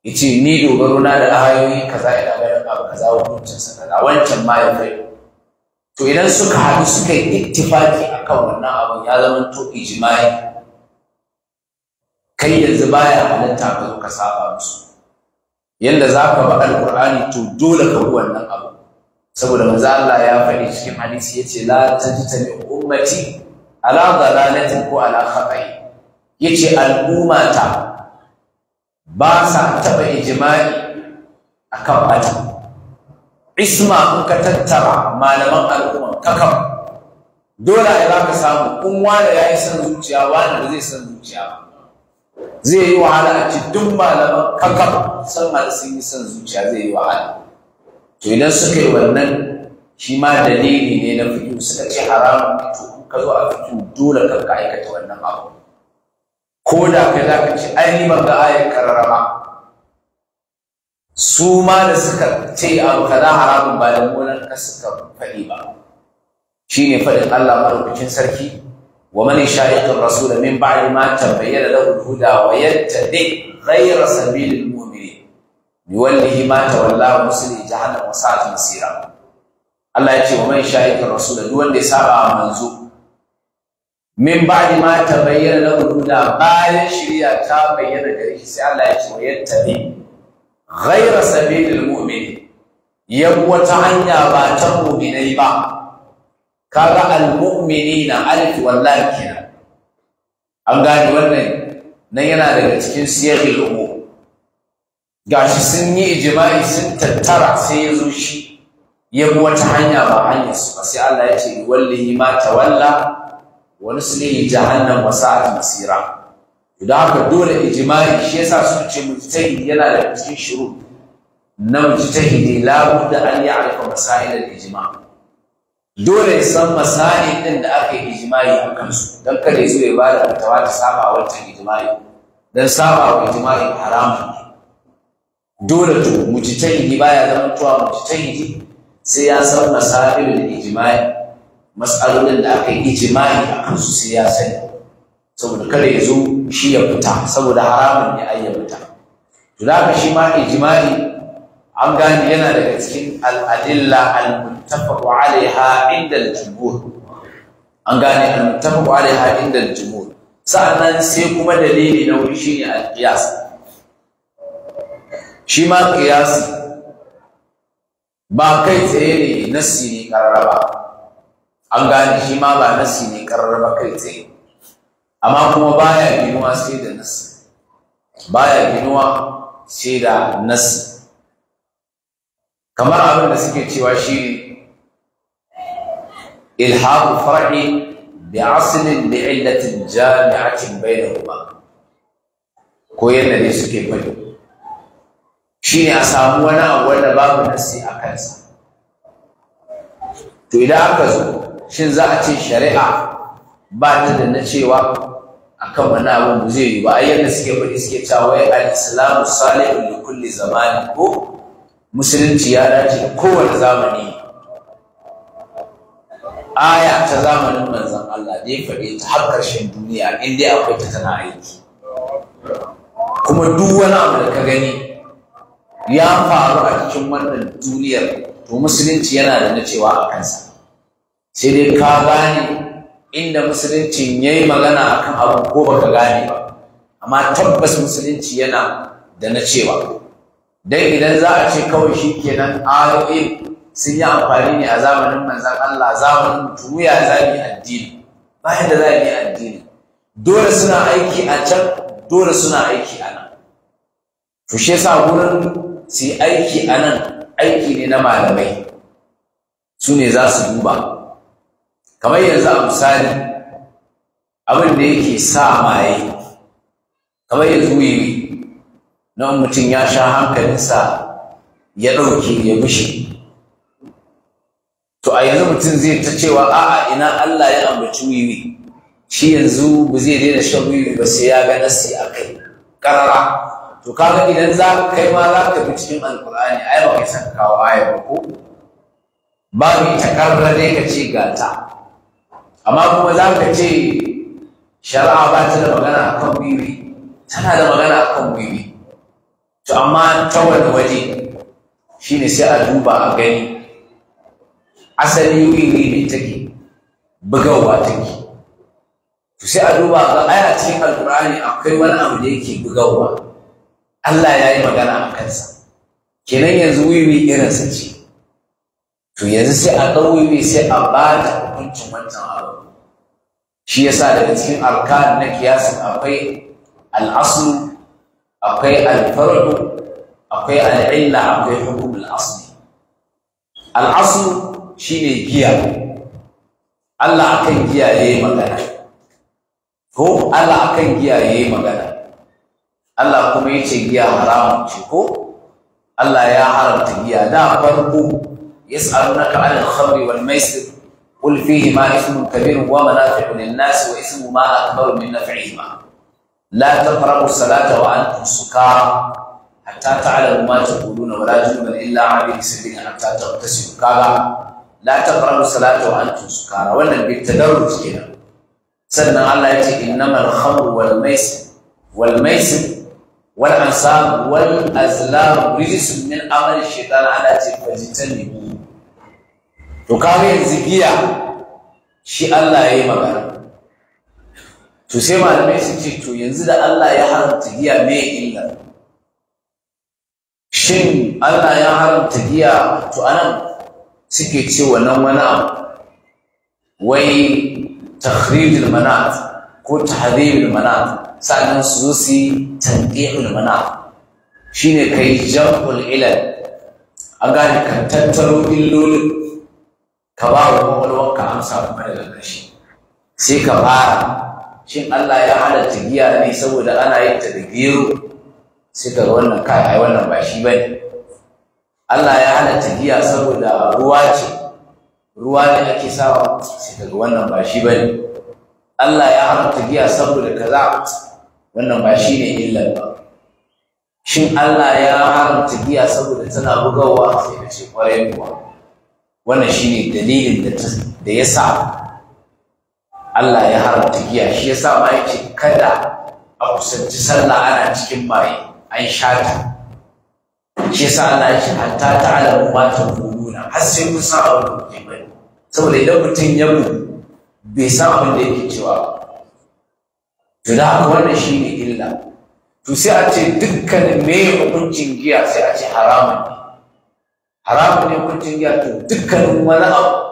ce ni dogaro na da ayoyi kaza ya labarin abu kaza hukuncin sa kaza wancan ma ya faɗi to idan suka haɗu suka yi ittifaki akan wannan abu ya zama to kai yanzu baya halatta ka zo ka saba musu yanda za ka ba alƙur'ani to dole ka bi wannan abu saboda manzo Allah ya faɗi cikin hadisi yace la tajtami ummati ala dalalatin ko ala khata'i yace al'ummata ba sa taɓa ijma'i akan bata isma in ka tattara malaman al'umma kaka dole ai za ka samu Kun wani ya yi son zuciya wani ba zai son zuciya ba zai yi wahala a ci duk malaman kakaf san ma yi son zuciya zai yi wahala to idan suka yi wannan shi ma dalili ne na fito suka ce haramun mutu, in ka zo a fito dole kan ka aikata wannan abu ko da kai za ka ci ai ga ayar kararama su ma da suka ce abu kaza haramun bayan da gonar ka suka faɗi ba Shi ne faɗin Allah madaukakin sarki ومن يشاقق الرسول من بعد ما تبين له الهدى ويتبع غير سبيل المؤمنين يوله ما تولى ومسلم جهنم وساعة مسيرا الله يتي ومن يشاقق الرسول دون دي سابع منزو من بعد ما تبين له الهدى باين شريعة تبين له سي الله يتي ويتبع غير سبيل المؤمنين يبوة عنيا باتمو بنيبا kaga al na alif wallahi kenan an gane wannan nan yana daga cikin siyaril Ga gashi sun yi ijma'i sun tattara sai ya zo shi ya bi wata hanya ba hanyar su sai Allah ya ce wallahi ma tawalla wa nuslihi jahannam wasa sa'at masira idan haka dole ijma'i shi yasa su ce mujtahid yana daga cikin shiru. na mujtahidi la budda an ya'rifa masail al dole ya san masani din da aka yi ijimai a kansu don kada zo ya ba da fatawa ta saba wancan ijimai don saba a ijimai haramun ne dole to ba baya zama tuwa mujtahidi sai ya san masani da ijimai matsalolin da aka yi ijimai a kansu sai ya sani saboda kada ya zo shi ya fita saboda haramun ne ai ya fita to da shi ma ijimai an gane yana daga cikin al'adilla al-muttafaqu alaiha inda al-jumhur an gane al alaiha inda al sa'annan sai kuma dalili na wuri shine ne al’iyas shi ma qiyas ba kai tsaye ne nassi ne ƙararraba. an gane shi ma ba nassi ne ƙararraba kai tsaye amma kuma baya ginuwa sai da nassi baya ginuwa sai da nassi kamar abin da suke cewa shi ilhaku far'i da aslin bi illatin jami'atin bainahuma ko yadda ne suke faɗi shi ne a samu wani abu wanda babu nasi a kansa to idan aka zo shin za a ce shari'a ba ta da na cewa akan wani abin ba zai yi ba a yadda suke faɗi suke cewa wai al-islamu salihun li kulli zamani ko musulunci ya dace da kowane zamani aya ta zamanin manzon Allah da ya faɗe ta har ƙarshen duniya in dai akwai ta tana aiki kuma duk wani abu da ka gani ya faru a cikin wannan duniyar to musulunci yana da na a kansa sai dai ka gane inda musuluncin ya yi magana a kan abu ko baka gane ba amma tabbas musulunci yana da nacewa. dan idan za a ce kawai shi kenan A sun yi amfani ne a zamanin manzan Allah zamanin mutum ya za addini ba yadda za yi addini dole suna aiki a can dole suna aiki a nan Fushe sa yasa gurin su yi aiki a nan aiki ne na malamai su ne za su duba kamar yanzu a misali abin da yake sa maye kamar yanzu wiwi na mutum ya sha hankalinsa ya ɗauke ya bushe to a yanzu mutum zai ta cewa a'a ina Allah ya ambaci wiwi shi yanzu ba zai daina shan wiwi ba sai ya ga nasi a kai ƙarara to kaga idan za ka kai ma za ka bi cikin alƙur'ani a ba kai san kawo aya ba ko Ba ita ƙarara dai ka ce gata amma kuma za ka ce shari'a ba ta da magana akan wiwi tana da magana akan wiwi to amma ta wani waje shine sai a duba a gani asali wuri ne take bugawa take to sai a duba ga aya cikin alkur'ani akwai wani abu da yake bugawa Allah ya yi magana a kansa kenan yanzu wiwi irinsa ce to yanzu sai a ɗan wiwi sai a ba da hukuncin wancan abu shi yasa daga cikin arkan na kiyasin akwai al'aslu akwai alfaradu akwai al'illa akwai hukumul asli al'asu shine giya Allah akan giya yayi magana ko Allah akan giya yayi magana Allah kuma ya ce giya haramun ce ko Allah ya haramta giya da farko yas'alunaka 'anil khamri wal maisir قل فيهما إثم كبير ومنافع للناس وإثمهما أكبر من نفعهما لا تقربوا الصلاة وأنتم سكارى حتى تعلموا ما تقولون ولا جنبا إلا عابر سبيل حتى تغتسلوا كذا لا تقربوا الصلاة وأنتم سكارى ولا بالتدرج كده سنة الله يأتي إنما الخمر والميسر والميسر والأنصاب والأزلام رجس من أمر الشيطان على فاجتنبوه to kawo yanzu giya shi Allah ya yi magana to sai malamai su ce to yanzu da Allah ya haramta giya me illa shin Allah ya haramta giya to anan suke ce wannan wani abu wai takhrijul manat ko tahdhibul manat sannan su zo su yi tanqihul manat shine kai jam'ul ilal A gane ka tattaro illolin ka ba wa kwakwalwarka amsa kuma daga ƙarshe sai ka fara shin Allah ya halatta giya ne saboda ana yin ta da gero sai ka ga wannan kai ai wannan ba shi bane Allah ya halatta giya saboda ruwa ce ruwa ne ake sawa sai ka ga wannan ba shi bane Allah ya halatta giya saboda kaza wannan ba shi ne illa ba shin Allah ya halatta giya saboda tana bugawa sai ka ce kwarai kuwa wannan shine dalilin da ya sa Allah ya haramta giya shi yasa ma yake kada a kusanci sallah ana cikin maye an shata shi yasa Allah ya ce ta ta'lamu ma taquluna har sai mun san abin da kuke bari saboda idan mutum ya bu bai san abin da yake cewa ba to da haka wannan shi ne illa to sai a ce dukkanin me hukuncin giya sai a ce haramun ne haramun ne hukuncin giya to dukkanin wani abu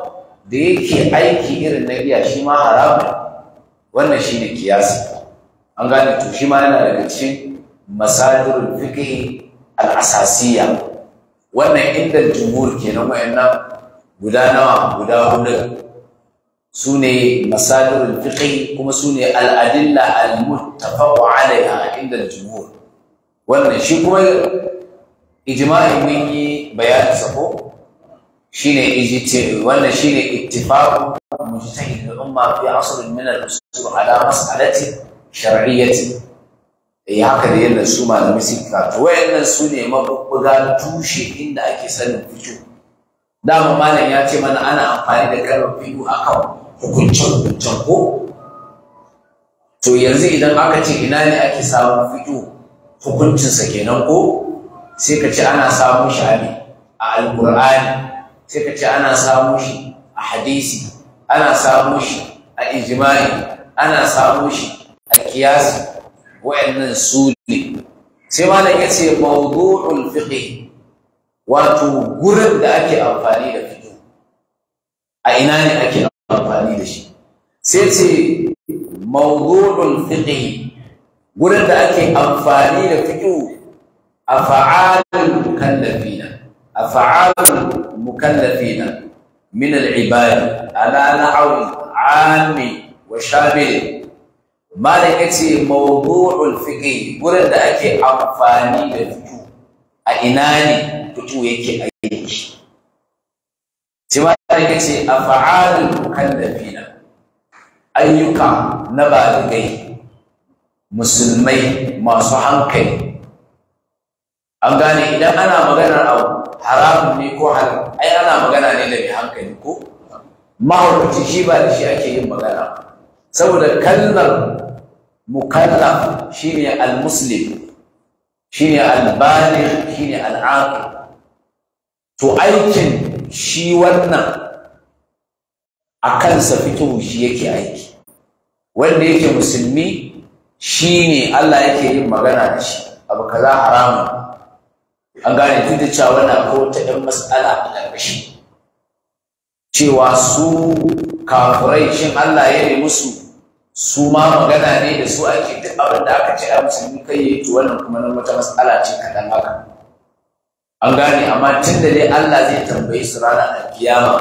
da yake aiki irin na iya shi ma haramun wannan shi ne kiyasi an gane to shi ma yana daga cikin masadirul fiqhi al'asasiya. wannan inda jumhur kenan wayannan guda nawa guda hudu su ne masadirul fiqhi kuma su ne al-adilla al-muttafaqu alaiha inda jumhur wannan shi kuma ijma'in mun yi bayanin sa shine wannan shine ittifaqu mujtahid al-umma fi asr min al-usul ala mas'alati shar'iyyati ya eh, haka da yadda su malamai ka to wayannan su ne mabubbuga tushe inda ake sanin fiqh dama malam ya ce mana ana amfani da kalmar fiqh akan hukuncin hukuncin ko to yanzu idan aka ce ina ne ake samun fiqh hukuncinsa kenan ko sai ka ce ana samun shi a Alkur'ani. sai ka ce ana samu shi a hadisi ana samu shi a ijimai ana samu shi a kiyasi wa'annan su ne sai malam ya ce mawdu'ul fiqh wato gurin da ake amfani da fiqh a ina ne ake amfani da shi sai ce mawdu'ul fiqh gurin da ake amfani da fiqh a fa'alul mukallafina af'alul mukallafina min al-ibad ala na'awi ammi wa shabil malik yace mawdu'ul fiqh gurin da ake amfani da fiqh a ina ne fiqh yake aiki sai malik yace af'alul mukallafina ayyuka na baligai musulmai masu hankali an gane idan ana maganar abu haramun ne ko haram ai ana magana ne da mai hankali ko mahaukaci shi ba da shi ake yin magana saboda kalmar mukallaf ne al-muslim ne al shi ne al-aqil to aikin shi wannan a kansa fito shi yake aiki wanda yake musulmi shi ne Allah yake yin magana da shi abu kaza haramun an gane duk da cewa wannan ko ta ɗan mas'ala a ƙarƙashi cewa su kafurai shin Allah ya yi musu su ma magana ne da su ake duk abin da aka ce a musulmi kai ya to wannan kuma nan wata matsala ce kaɗan haka an gane amma tun da dai Allah zai tambayi su rana ranar alkiyama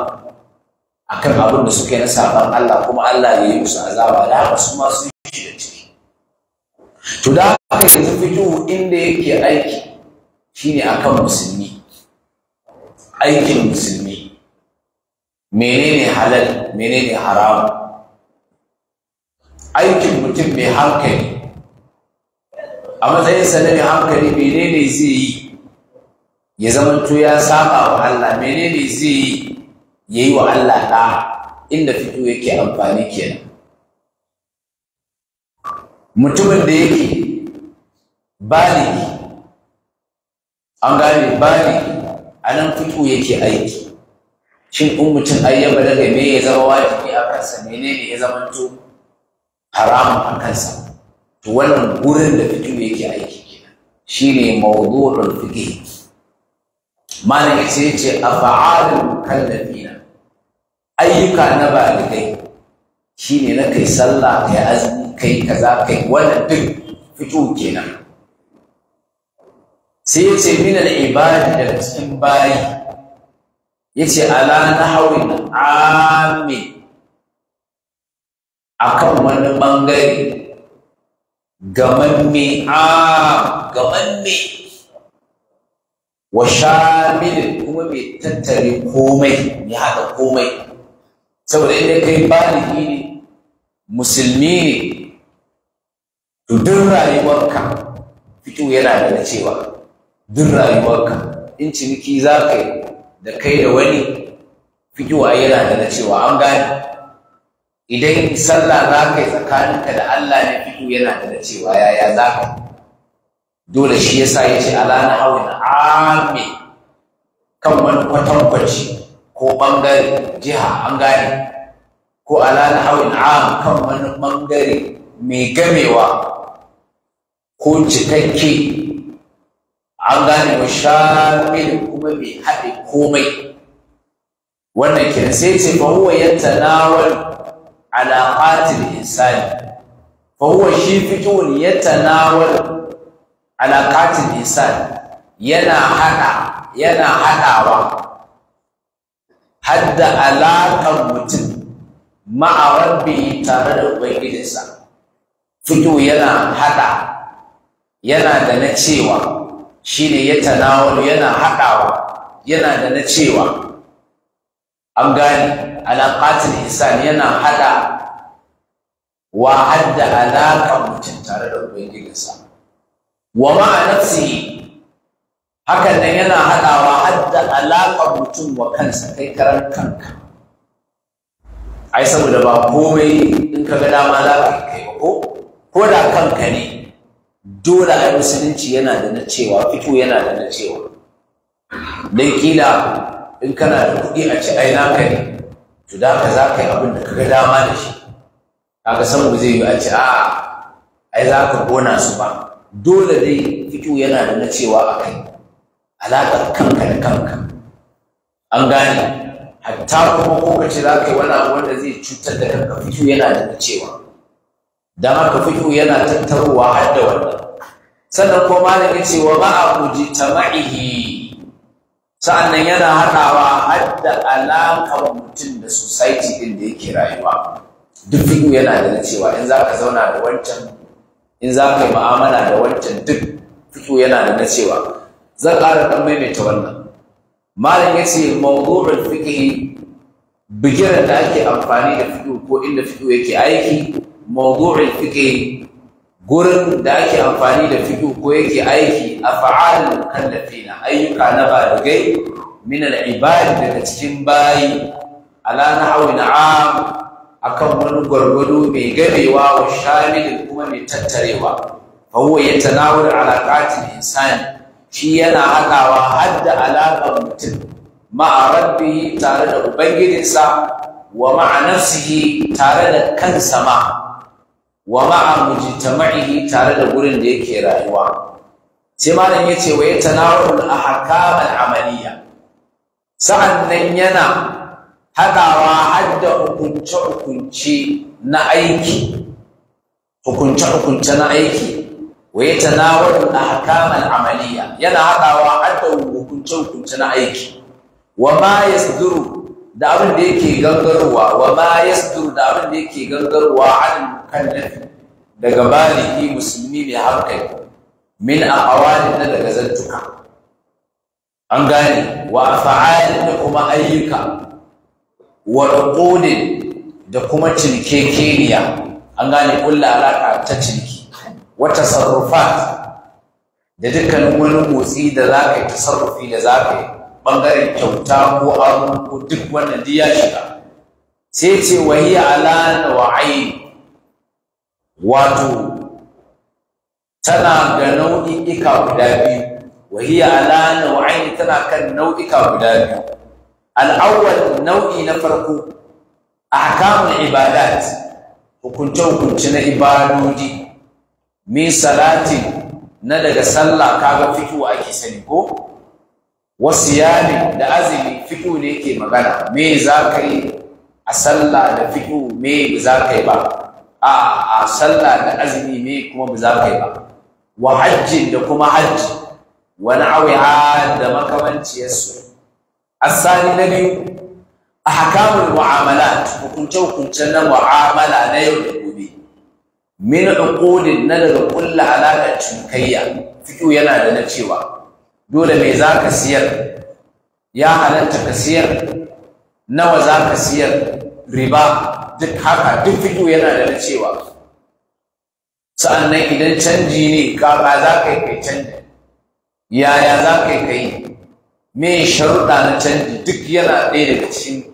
akan abin da suka yi na saban Allah kuma Allah ya yi musu azaba da haka su ma yi shi da ciki to da haka yanzu fito inda yake aiki shine akan musulmi aikin musulmi menene halal menene haram aikin mutum mai hankali a matsayinsa na mai hankali menene zai yi ya zamanto ya saba wa Allah menene zai yi ya yi wa Allah ɗa inda fito yake amfani kenan mutumin da yake baligi an gane bani a nan fito yake aiki shin in mutum ai ya da me ya zama wajibi a kansa ne ya zama zamanto haramun a kansa to wannan gurin da fito yake aiki kenan shine mana ya ce yace a af'alul kallafina ayyuka na baligai ne na kai sallah kai azumi kai kaza kai wannan duk fito kenan sai ya ce min al'ibadi daga cikin bayi ya ce ala na haurin ame a kan wani ɓangare gamamme a gamamme wa shamilin kuma mai tattare komai ya haɗa komai saboda inda kai baligi ne musulmi ne to duk rayuwarka fito yana da cewa duk rayuwarka in ciniki za ka yi da kai da wani fikiwa yana da na cewa an gane idan sallah za ka yi tsakaninka da Allah ne fito yana da na cewa yaya za ka dole shi sa ya ce ala na hawan ame kan wani kwatankwaci ko ɓangare jiha an gane ko ala na hawan am kan wani ɓangare mai gamewa ko cikakke an gane wa shamil kuma mai haɗe komai wannan kiran sai ce fa huwa yatanawal alaqatil insani fa huwa shi na wani alaqatil insani yana haɗa yana haɗawa. hadda alaƙar mutum bai yi tare da ubangijinsa fito yana haɗa yana da na cewa Shi ne ya tanawar yana haɗawa yana da na cewa an gane alaƙatin isan yana haɗa wa hadda alaƙa mutum tare da ubangijinsa wa ma'a hakan nan yana haɗawa hadda alaƙa mutum wa kansa kai karan kanka ai saboda ba komai in ka ga dama za ka kai ba ko ko da kanka ne dole ai musulunci yana da na cewa fito yana da na cewa dan kila in kana da kuɗi a ci aina ka ne to da ka za ka yi abin da kaga dama da shi kaga san ba zai yi a ci a ai za ka kona su ba dole dai fito yana da na cewa a kai alaƙar kanka da kanka an gane hatta kuma ko ka ce za ka yi wani abu wanda zai cutar da kanka fito yana da na cewa Da haka fiqhu yana tattaruwa har da wannan sannan ko malam ce wa ma'a mujtama'ihi sa'annan yana haɗawa har da alaƙar mutum da sosaiti ɗin da yake rayuwa duk fiqhu yana da cewa in za ka zauna da wancan in za ka yi mu'amala da wancan duk fiqhu yana da cewa zan ƙara ɗan maimaita wannan malam yace mawdu'ul fiqhi bigiran da ake amfani da fiɗo ko inda fiƙo yake aiki mawdu'ul fiqh gurin da ake amfani da fiqh ko yake aiki af'alul mukallafina ayyuka na baligai min al-ibad daga cikin bayi ala nahwi na'am akan wani gwargwado mai gamewa wa shamilin kuma mai tattarewa fa huwa yatanawul alaqatil insani shi yana haɗawa har da alaƙar mutum ma'a rabbihi tare da ubangijinsa wa ma'a nafsihi tare da kansa ma wa ma'a mujtama'ihi tare da gurin da yake rayuwa sai malam ya ce wa ya tanawul ahkam al-amaliya sa'annan yana haɗawa hadda hukunce hukunce na aiki hukunce hukunce na aiki wa tanawul ahkam al-amaliya yana haɗawa hadda hukunce hukunce na aiki wa ma yasduru da abin da yake gangarwa wa ma yasdur da abin da yake gangarwa an kallafi daga baliki musulmi mai hankali min a awalin na daga zantuka an gane wa af'alin da kuma ayyuka wa uqudin da kuma keniya an gane kulla alaka ta cinki Wata tasarrufat da dukkanin wani motsi da za ka yi tasarrufi da za ka yi ɓangaren kyauta ko aro ko duk wannan duk ya shiga sai ce wahiya ala nawa'ai wato tana da nau'i'ika guda biyu wahiya ala nau'ain tana kan nau'ika guda biyu al'awwal nau'i na farko ahkamul ibadat hukunce hukunce na ibadodi min salati na daga sallah kaga fiqhu ake sani ko wasu yami da azumi fiƙo ne ke magana me za ka yi a sallah da fiƙo me za ka yi ba a a sallah da azumi me kuma ba za ka yi ba wa hajji da kuma hajji wani awiha da A asali na biyu a hakamun mu'amalat hukunce-hukuncen na mu'amala na yau da gobe min uqudin na daga kulla alaƙar cinkayya fiƙo yana da na cewa dole mai za ka siyar ya halatta ka siyar nawa za ka siyar riba duk haka duk fito yana da cewa sa'annan idan canji ne kaka za ka yi kai canji yaya za ka yi kai me sharuɗa na canji duk yana ɗaya daga cikin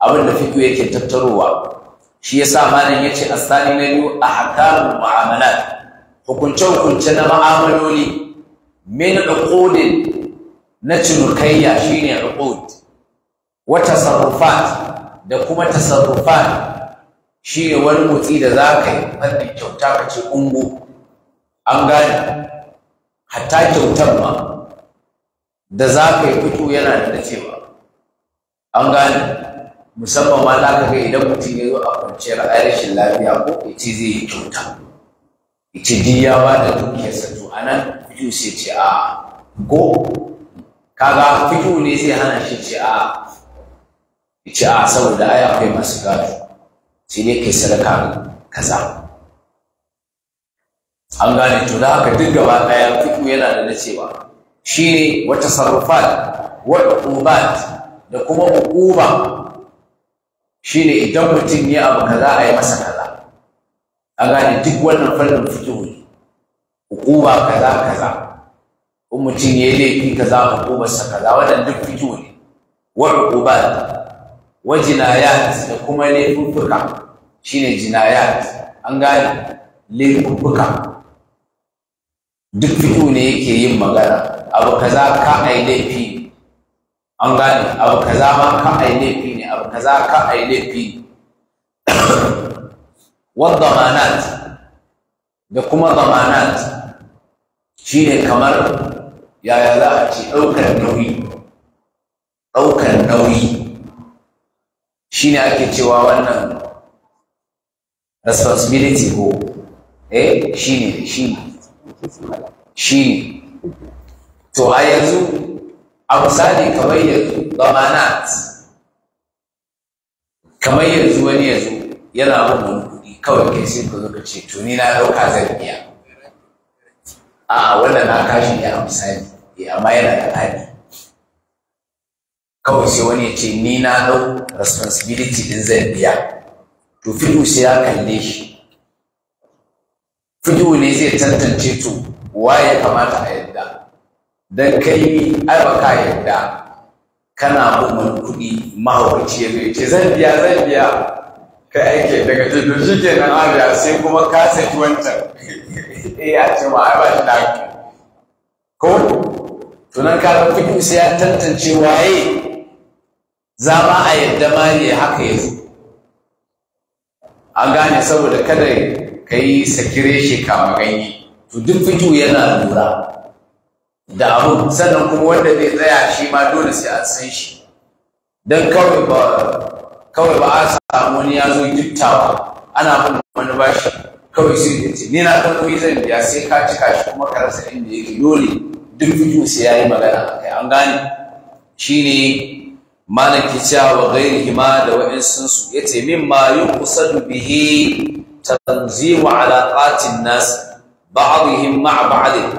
abin da fito yake tattarowa shi ya sa malam ya ce asali na biyu a hakarun mu'amalat hukunce-hukunce na ma'amaloli min uqudin na cinikayya shine uqud wa tasarrufat da kuma tasarrufat shine wani motsi da zaka yi kyauta ka ce ungu an gane hatta kyautar ma da zaka yi fito yana da cewa an gane musamman ma zaka ga idan mutum ya zo a kwanciyar lafiya ko ya ce zai yi kyauta ya ce ya ba da dukiyarsa a nan fito sai ce a ko kaga fito ne sai hana shi ce a ce a saboda ai akwai masu gado sai dai kai sadaka kaza an gane to da haka duk gaba daya fito yana da na cewa shi ne wata sarrafat wata ubat da kuma hukuma shi ne idan mutum ya abu kaza a yi masa kaza an gane duk wannan fannin fito ne hukuma kaza kaza in mutum ya yi laifi kaza hukumarsa kaza wannan duk fito ne wa hukuma wa jinayat da kuma laifuffuka shine jinayat an gane laifuffuka duk fito ne yake yin magana abu kaza ka ai laifi an gane abu kaza ma ka ai laifi ne abu kaza ka ai laifi wadda manat da kuma zamanat shi ne kamar yaya za a ce ɗaukar nauyi ɗaukar nauyi shi ne ake cewa wannan responsibility ko eh shi ne shi ne shi ne to a yanzu a misali kamar yanzu bamanat kamar yanzu wani yanzu yana bin wani kawai ke sai ku zo ce to na ɗauka zan iya a wannan na kashi ne a eh, misali amma yana da hali kawai sai wani ya ce ni na ɗau responsibility din zan biya to fiɗu sai ya kalle shi fiɗu ne zai tantance to wa ya kamata a yadda don kai ai ba yadda kana bin wani kuɗi mahaukaci ya ce zan biya zan biya ka aike daga jirgin shi ke nan abiya sai kuma ka saki wancan eh a ce ma a bashi da ko tunan ka fikin sai ya tantance waye za ma a yadda ma ne haka ya zo an gane saboda kada ka yi sakire shi kama ganye to duk fito yana lura da abu sannan kuma wanda bai tsaya shi ma dole sai an san shi don kawai ba kawai ba a samu wani ya zo gittawa ana bin wani bashi kawai sai ya ce ni na ta koyi zan biya sai ka cika shi kuma ka rasa inda yake dole duk bidiyo sai ya yi magana a kai an gane shine ne malam wa gairi hima da wa'insunsu ya ce min ma yi kusa bihi tanzimu alaƙatin nas ba'adihim ma'a ba'adin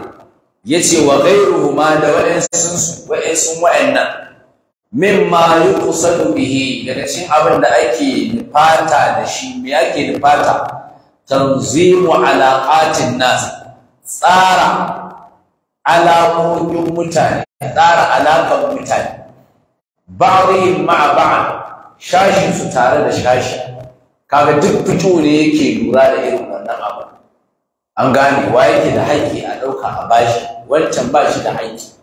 ya ce wa gairu hima da wa'insunsu wa'insun wa'annan Min mayu yuqsadu bihi daga cikin abin da ake nufata da shi me ake nufata tanzimu alaqatin nas tsara alamomin mutane tsara alaƙar mutane ba'dihim ma'a ba'd shashi su tare da shashi kaga duk fito ne yake lura da irin wannan abu an gane wa yake da haƙƙi a ɗauka a bashi wancan bashi da haƙƙi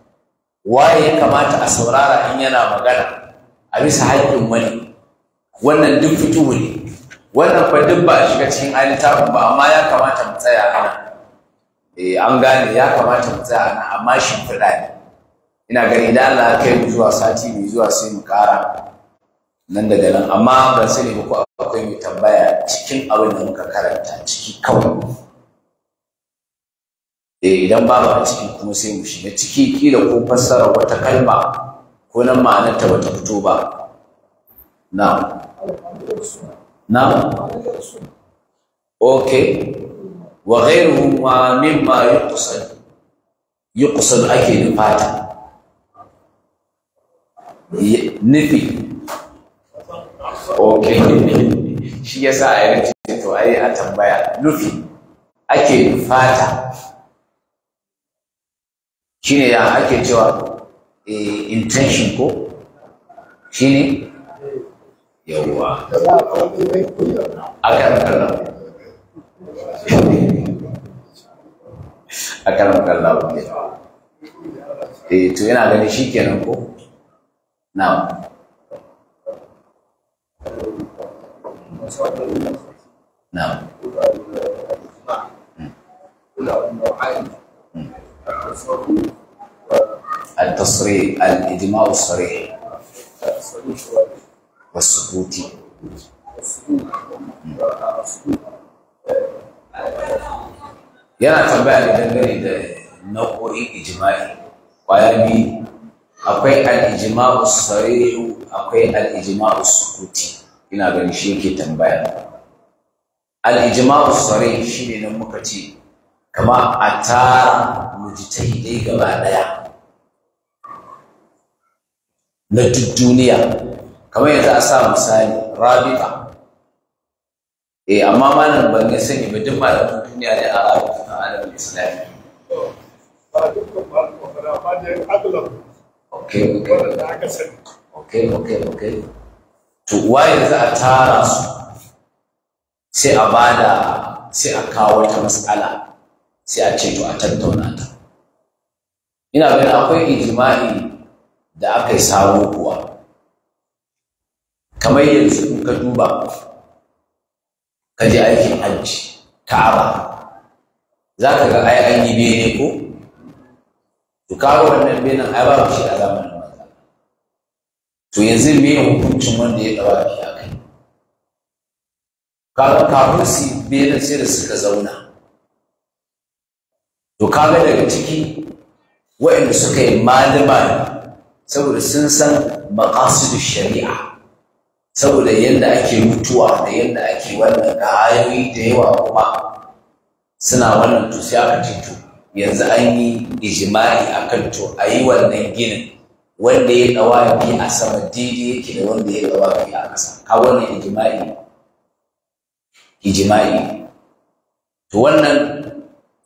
waye ya kamata a saurara in yana magana a bisa haƙƙin wani wannan duk fituhu ne wannan kwa duk ba shiga cikin littafin ba amma ya kamata mu tsaya a eh an gane ya kamata mu tsaya nan amma shi ne ina gani idan Allah kai mu zuwa sati mai zuwa sai mu ƙara nan daga nan amma ban sani ba ko akwai mai tambaya cikin abin da muka karanta ciki kawai Eh, idan babu a ciki kuma sai mu shiga ciki kila ko fassara wata kalma ko nan ma'anarta bata fito ba na na okay wa ghayruhu ma mimma yuqsad yuqsad ake nufata nufi okay shi yasa a yi to ai a tambaya nufi ake nufata shine ya ake cewa eh, intention ko shi ne yawwa a kan kallon a kan kallon eh, to yana gani shi kenan ko na na التصريح الإجماع الصريح والسكوتي yana tambaya da dangane da nau'o'in ijima'i ƙwayar biyu akwai al'ijima'u sarihu akwai al'ijima'u sukuti ina ganin shi yake tambaya al'ijima'u sarihu shi ne nan muka ce kama a tara mujtahidai gaba ɗaya na duk duniya kamar yanzu a sa misali rabi'a eh amma malam ban ya sani ba duk malamin duniya ne a arabu na alamin islami okay okay okay okay okay to waye yanzu a tara su sai a bada sai a kawo ta matsala sai a ce to a tattauna ina ganin akwai ijima'i da aka yi sabo kuwa kamar yanzu ka duba ka je aikin hajji ka'aba za ka ga ai an yi bene ko to kawo wannan benen ai babu shi a zamanin maza to yanzu me hukuncin wanda ya dawa shi a kai kawo kawo su benen sai da suka zauna to kaga daga ciki Wa'inda suka yi malama saboda sun san maƙasidu shari'a saboda yadda ake mutuwa da yadda ake wannan hayoyi da yawa kuma suna wannan to sai aka yanzu an yi ijma'i akan to a yi wannan ginin wanda ya dawafi a sama daidai yake da wanda ya dawafi a ƙasa ka wannan ijima'i ijimai to wannan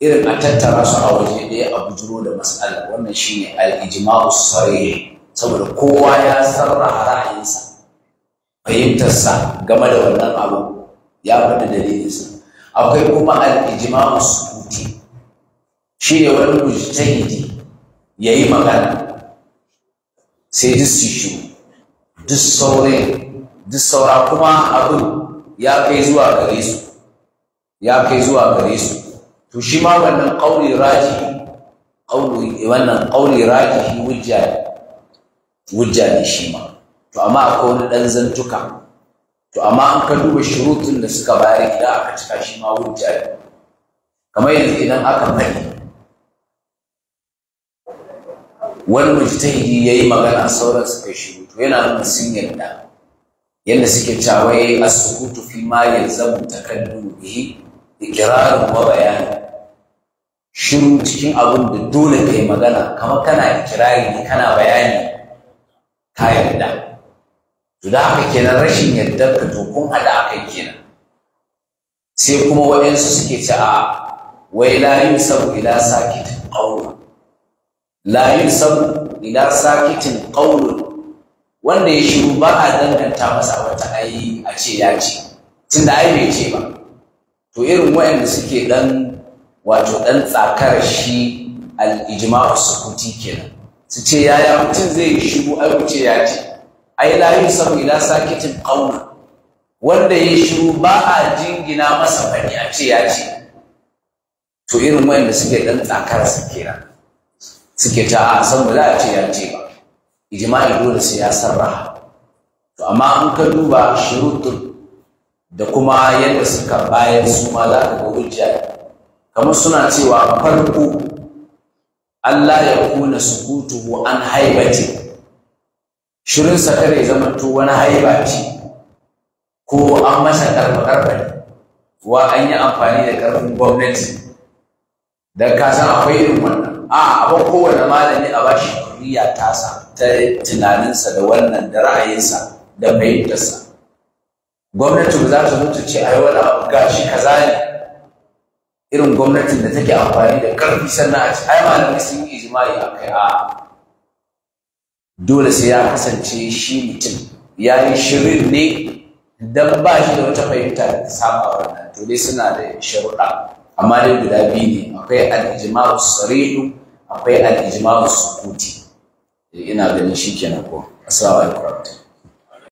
irin a tattara su a waje ɗaya a bujiro da matsala wannan shine al sauri ne saboda kowa ya sarrafa ra'ayinsa fahimtarsa game da wannan abu ya faɗi dalilinsa akwai kuma su kuti. Shi ne wani mujtahidi yi magana sai duk su shi duk saurin saura kuma abin ya kai zuwa gare ya kai zuwa gare su to shi ma wannan ƙauli raji eh, wannan ƙauli raji wujja wujja ne shi ma to amma akwai wani ɗan zantuka to amma an ka duba shurutun da suka bayar idan aka cika shi ma wujja ne kamar yanzu idan aka faɗi wani mujtahidi ya yi magana sauran suka shiru to yana nuna sun yarda yadda suke cewa ya yi asukutu fi ma yanzu zamu bihi wa bayani shiru cikin abin da dole ka yi magana kamar kana ikirari ne kana bayani ka yarda to da haka kenan rashin yarda ka to kun haɗa aka kenan sai kuma waɗansu suke ci a wai layin sabu ila sakitin ƙaunu layin sabu ila sakitin ƙaunu wanda ya shiru ba a danganta masa wata ayi a ce ya ce tunda ai bai ce ba to irin waɗanda suke ɗan wato ɗan tsakar shi al'ijima'u ke kenan su ce ya yi mutum zai yi shiru ai wuce ya ce ai layu sau ila sakitin ƙauna wanda ya shiru ba a jingina masa bani a ce ya ce to irin da suke ɗan tsakar su kenan suke ta a san ba a ce ya ce ba ijima'i dole sai ya sarra. to amma in ka duba shirutun, da kuma yadda suka bayan su ma za ka ga hujja kamar suna cewa farko Allah ya kuna sukutuhu an haibati shirinsa kare zama to wani haiba ce ko an masa karfa-karfa wa an yi amfani da karfin gwamnati da ka san akwai irin wannan a abin kowane malami a bashi kuriya tasa ta tunaninsa da wannan da ra'ayinsa da fahimtarsa gwamnati ba za ta mutu ce ai wani abu gashi kaza ne irin gwamnatin da take amfani da karfi sannan a ci ai malamai sun yi ijima'i a kai a dole sai ya kasance shi mutum ya yi shirin ne don ba shi da wata fahimta da ta saba wannan to dai suna da sharuɗa amma dai guda biyu ne akwai al-ijma'u sarihu akwai al-ijma'u sukuti eh, ina ganin shikenan ko assalamu alaikum